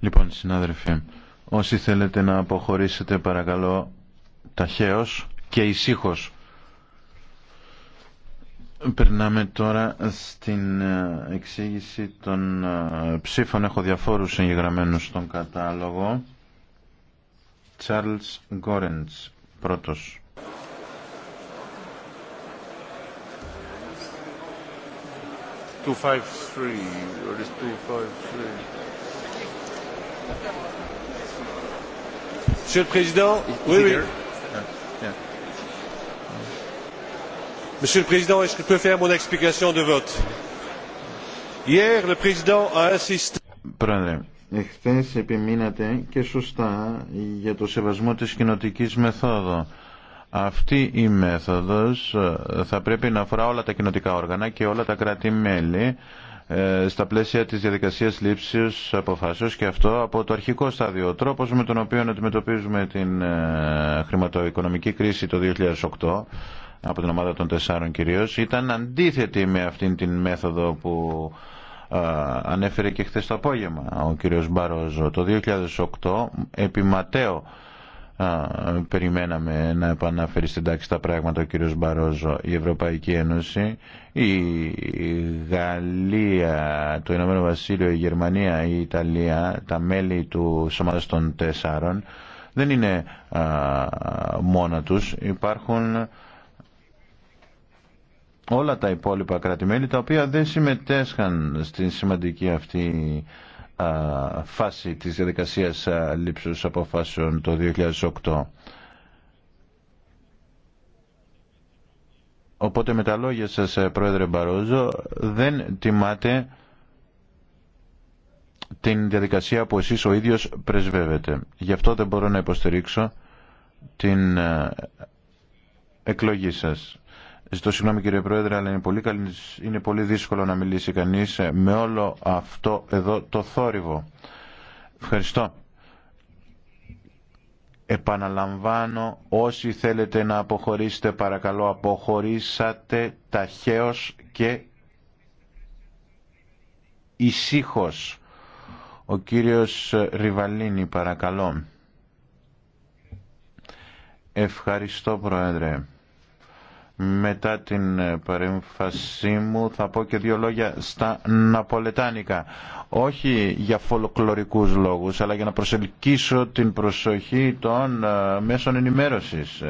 Λοιπόν, συνάδελφοι, όσοι θέλετε να αποχωρήσετε παρακαλώ ταχαίως και ησύχως. Περνάμε τώρα στην ε, εξήγηση των ε, ψήφων. Έχω διαφόρους εγγεγραμμένους στον κατάλογο. Charles Γκόρεντς, πρώτος. 253. What is 253? Monsieur le Président, oui, oui. Monsieur le Président, est-ce que je peux faire mon explication de vote Hier, le Président a insisté. Εχθές επιμείνατε και σωστά για το σεβασμό της κοινοτικής μεθόδου. Αυτή η μέθοδος ε, θα πρέπει να αφορά όλα τα κοινοτικά όργανα και όλα τα κράτη-μέλη ε, στα πλαίσια της διαδικασίας λήψης αποφάσεως και αυτό από το αρχικό στάδιο. Ο τρόπος με τον οποίο αντιμετωπίζουμε την ε, χρηματοοικονομική κρίση το 2008 από την ομάδα των τεσσάρων κυρίως ήταν αντίθετη με αυτήν την μέθοδο που ανέφερε και χθε το απόγευμα ο κύριος Μπαρόζο. Το 2008 επιματέω Α, περιμέναμε να επαναφέρει στην τάξη τα πράγματα ο κύριος Μπαρόζο η Ευρωπαϊκή Ένωση η Γαλλία το Ηνωμένο Βασίλειο, η Γερμανία η Ιταλία, τα μέλη του Σωμάτας των Τεσσάρων δεν είναι α, μόνα τους υπάρχουν όλα τα υπόλοιπα κρατημένη τα οποία δεν συμμετέσχαν στην σημαντική αυτή φάση της διαδικασίας λήψης αποφάσεων το 2008. Οπότε με τα λόγια σας, ε, Πρόεδρε Μπαρόζο, δεν τιμάτε την διαδικασία που εσείς ο ίδιος πρεσβεύετε. Γι' αυτό δεν μπορώ να υποστηρίξω την ε, εκλογή σας. Ζητώ συγγνώμη κύριε Πρόεδρε, αλλά είναι πολύ, δύσκολο να μιλήσει κανείς ε, με όλο αυτό εδώ το θόρυβο. Ευχαριστώ. Επαναλαμβάνω, όσοι θέλετε να αποχωρήσετε παρακαλώ αποχωρήσατε ταχαίως και ησύχως. Ο κύριος Ριβαλίνη παρακαλώ. Ευχαριστώ Πρόεδρε μετά την ε, παρέμφασή μου θα πω και δύο λόγια στα ναπολετάνικα. Όχι για φολοκλωρικούς λόγους, αλλά για να προσελκύσω την προσοχή των ε, μέσων ενημέρωσης.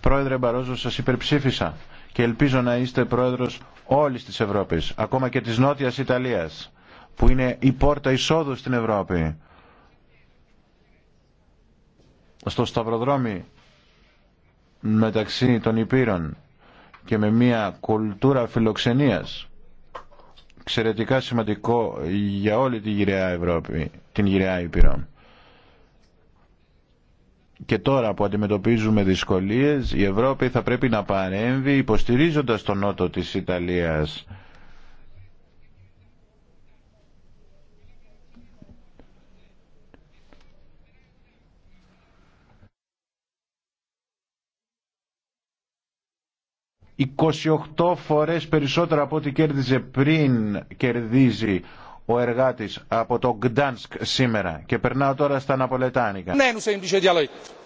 Πρόεδρε Μπαρόζο, σας υπερψήφισα και ελπίζω να είστε πρόεδρος όλης της Ευρώπης, ακόμα και της Νότιας Ιταλίας, που είναι η πόρτα εισόδου στην Ευρώπη. Στο σταυροδρόμι μεταξύ των Υπήρων και με μια κουλτούρα φιλοξενίας εξαιρετικά σημαντικό για όλη τη γυραιά Ευρώπη, την γυραιά Ήπειρο. Και τώρα που αντιμετωπίζουμε δυσκολίες, η Ευρώπη θα πρέπει να παρέμβει υποστηρίζοντας τον νότο της Ιταλίας 28 φορές περισσότερα από ό,τι κέρδιζε πριν κερδίζει ο εργάτης από το Γκτάνσκ σήμερα. Και περνάω τώρα στα semplice dialetto.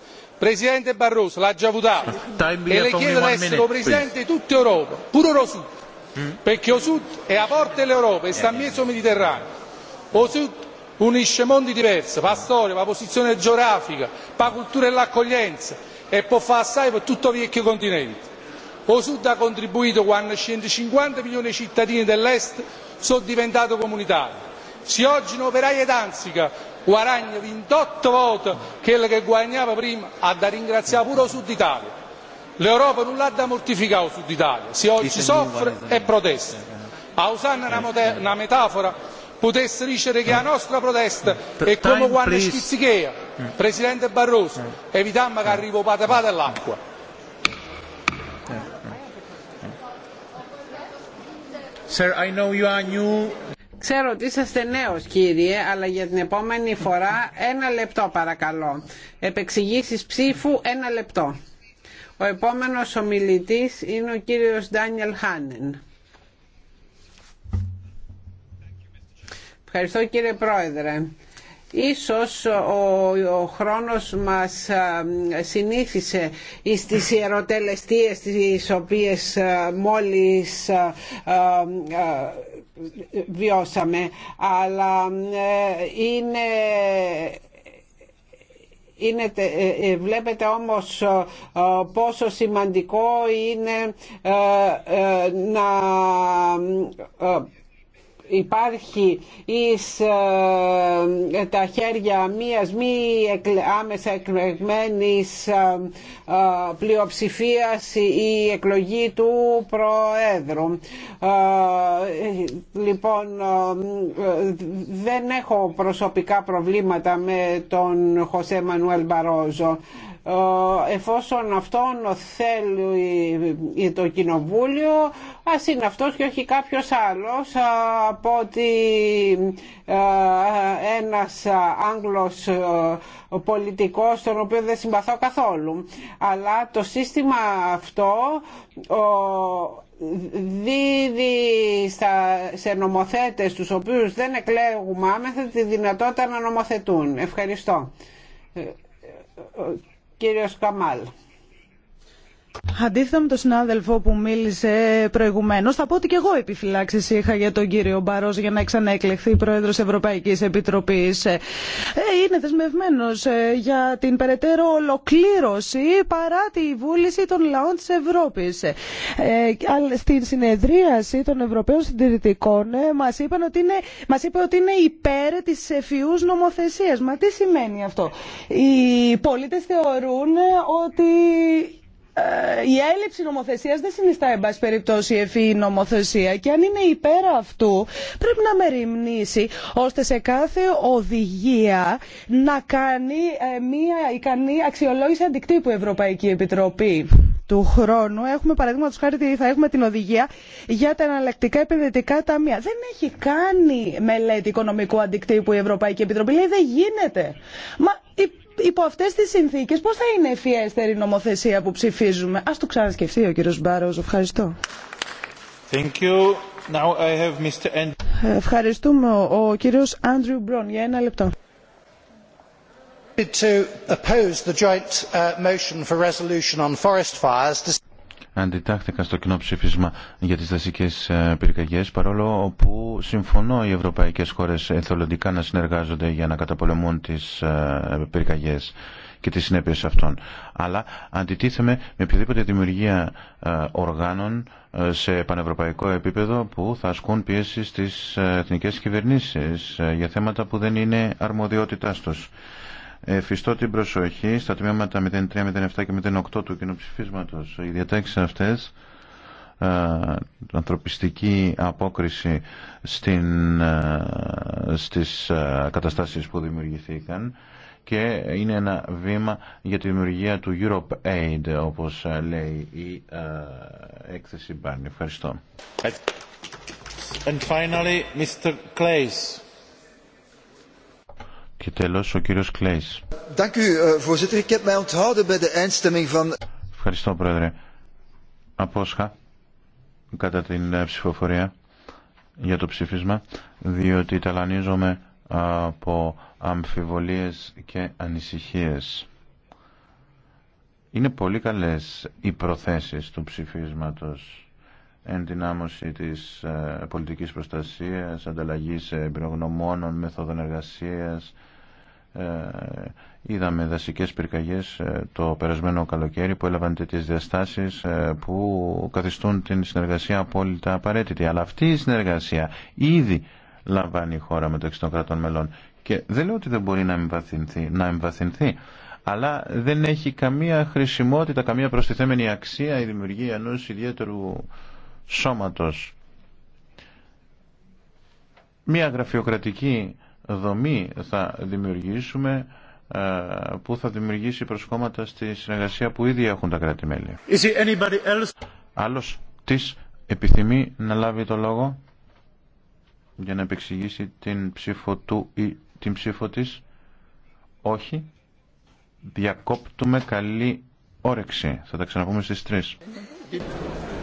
Presidente Barroso, l'ha già votato e le chiedo di essere Presidente di tutta Europa, pure lo Sud, perché lo Sud è a porta dell'Europa e sta in mezzo Mediterraneo. Lo Sud unisce mondi diversi, fa storia, fa posizione geografica, fa cultura e l'accoglienza e può fare assai per tutto il vecchio continente O Sud ha contribuito quando 150 milioni di cittadini dell'Est sono diventati comunitari. Se oggi un operaio d'Anzica guadagna 28 volte quello che guadagnava prima, ha da ringraziare pure Sud Italia. L'Europa non l'ha da mortificare Sud Italia, se oggi soffre e protesta. A usare una metafora potesse dicere che la nostra protesta è come quando schizzichea presidente barroso evitammo che arriva o patapata all'acqua. Ξέρω ότι είσαστε νέος κύριε, αλλά για την επόμενη φορά ένα λεπτό παρακαλώ. Επεξηγήσεις ψήφου ένα λεπτό. Ο επόμενος ομιλητής είναι ο κύριος Ντάνιελ Χάνεν. Ευχαριστώ κύριε Πρόεδρε. Ίσως ο χρόνος μας συνήθισε στις ιεροτελεστίες τις οποίες μόλις βιώσαμε, αλλά ε, είναι είναι, ε, ε, βλέπετε όμως πόσο σημαντικό είναι να υπάρχει εις ε, τα χέρια μίας μη άμεσα εκλεγμένης ε, ε η εκλογή του Προέδρου. Ε, λοιπόν, δεν έχω προσωπικά προβλήματα με τον Χωσέ Μανουέλ Μπαρόζο. Ε, εφόσον αυτόν θέλει το κοινοβούλιο ας είναι αυτός και όχι κάποιος άλλος από ότι ε, ένας Άγγλος ε, πολιτικός τον οποίο δεν συμπαθώ καθόλου αλλά το σύστημα αυτό δίδει στα, σε νομοθέτες τους οποίους δεν εκλέγουμε άμεθα τη δυνατότητα να νομοθετούν. Ευχαριστώ κύριος Καμάλ. Αντίθετα με τον συνάδελφο που μίλησε προηγουμένω, θα πω ότι και εγώ επιφυλάξει είχα για τον κύριο Μπαρό για να ξαναεκλεχθεί πρόεδρο Ευρωπαϊκή Επιτροπή. Ε, είναι δεσμευμένο ε, για την περαιτέρω ολοκλήρωση παρά τη βούληση των λαών τη Ευρώπη. Ε, στην συνεδρίαση των Ευρωπαίων Συντηρητικών μα μας είπε ότι είναι υπέρ τη εφιού νομοθεσία. Μα τι σημαίνει αυτό. Οι πολίτε θεωρούν ότι ε, η έλλειψη νομοθεσία δεν συνιστά εν πάση περιπτώσει ευφυή νομοθεσία και αν είναι υπέρ αυτού πρέπει να μεριμνήσει ώστε σε κάθε οδηγία να κάνει ε, μια ικανή αξιολόγηση αντικτύπου Ευρωπαϊκή Επιτροπή του χρόνου έχουμε παραδείγματο χάρη θα έχουμε την οδηγία για τα εναλλακτικά επενδυτικά ταμεία. Δεν έχει κάνει μελέτη οικονομικού αντικτύπου η Ευρωπαϊκή Επιτροπή. Λέει δεν γίνεται. Μα υπό αυτές τις συνθήκες πώς θα είναι η φιέστερη νομοθεσία που ψηφίζουμε. Ας το ξανασκεφτεί ο κύριος Μπάρος. Ευχαριστώ. Thank you. Now I have Mr. Ευχαριστούμε. Ο κύριος Άντριου Μπρον για ένα λεπτό. To oppose the joint uh, motion for resolution on forest fires αντιτάχθηκαν στο κοινό ψήφισμα για τις δασικές ε, πυρκαγιές παρόλο που συμφωνώ οι ευρωπαϊκές χώρες εθελοντικά να συνεργάζονται για να καταπολεμούν τις ε, πυρκαγιές και τις συνέπειες αυτών. Αλλά αντιτίθεμαι με οποιαδήποτε δημιουργία ε, οργάνων σε πανευρωπαϊκό επίπεδο που θα ασκούν πίεση στις εθνικές κυβερνήσεις για θέματα που δεν είναι αρμοδιότητά τους. Εφιστώ την προσοχή στα τμήματα 03, 07 και 08 του κοινοψηφίσματος. Οι διατάξεις αυτές ε, ανθρωπιστική απόκριση στην, ε, στις ε, καταστάσεις που δημιουργηθήκαν και είναι ένα βήμα για τη δημιουργία του Europe Aid όπως λέει η έκθεση Μπάνι. Ευχαριστώ. And finally, Mr. Και τέλος ο κύριος Κλέης. Eh, Ευχαριστώ πρόεδρε. Απόσχα κατά την ε, ψηφοφορία για το ψήφισμα διότι ταλανίζομαι από αμφιβολίες και ανησυχίες. Είναι πολύ καλές οι προθέσεις του ψηφίσματος ενδυνάμωση της ε, πολιτικής προστασίας, ανταλλαγής εμπειρογνωμόνων, μεθόδων εργασίας, ε, είδαμε δασικές πυρκαγιές ε, το περασμένο καλοκαίρι που έλαβαν τέτοιες διαστάσεις ε, που καθιστούν την συνεργασία απόλυτα απαραίτητη. Αλλά αυτή η συνεργασία ήδη λαμβάνει η χώρα μεταξύ των κρατών μελών. Και δεν λέω ότι δεν μπορεί να εμβαθυνθεί, να εμβαθυνθεί αλλά δεν έχει καμία χρησιμότητα, καμία προστιθέμενη αξία η δημιουργία ενός ιδιαίτερου σώματος. Μία γραφειοκρατική δομή θα δημιουργήσουμε ε, που θα δημιουργήσει προσκόμματα στη συνεργασία που ήδη έχουν τα κράτη-μέλη. Άλλος της επιθυμεί να λάβει το λόγο για να επεξηγήσει την ψήφο του ή την ψήφο της. Όχι. Διακόπτουμε καλή όρεξη. Θα τα ξαναπούμε στις 3.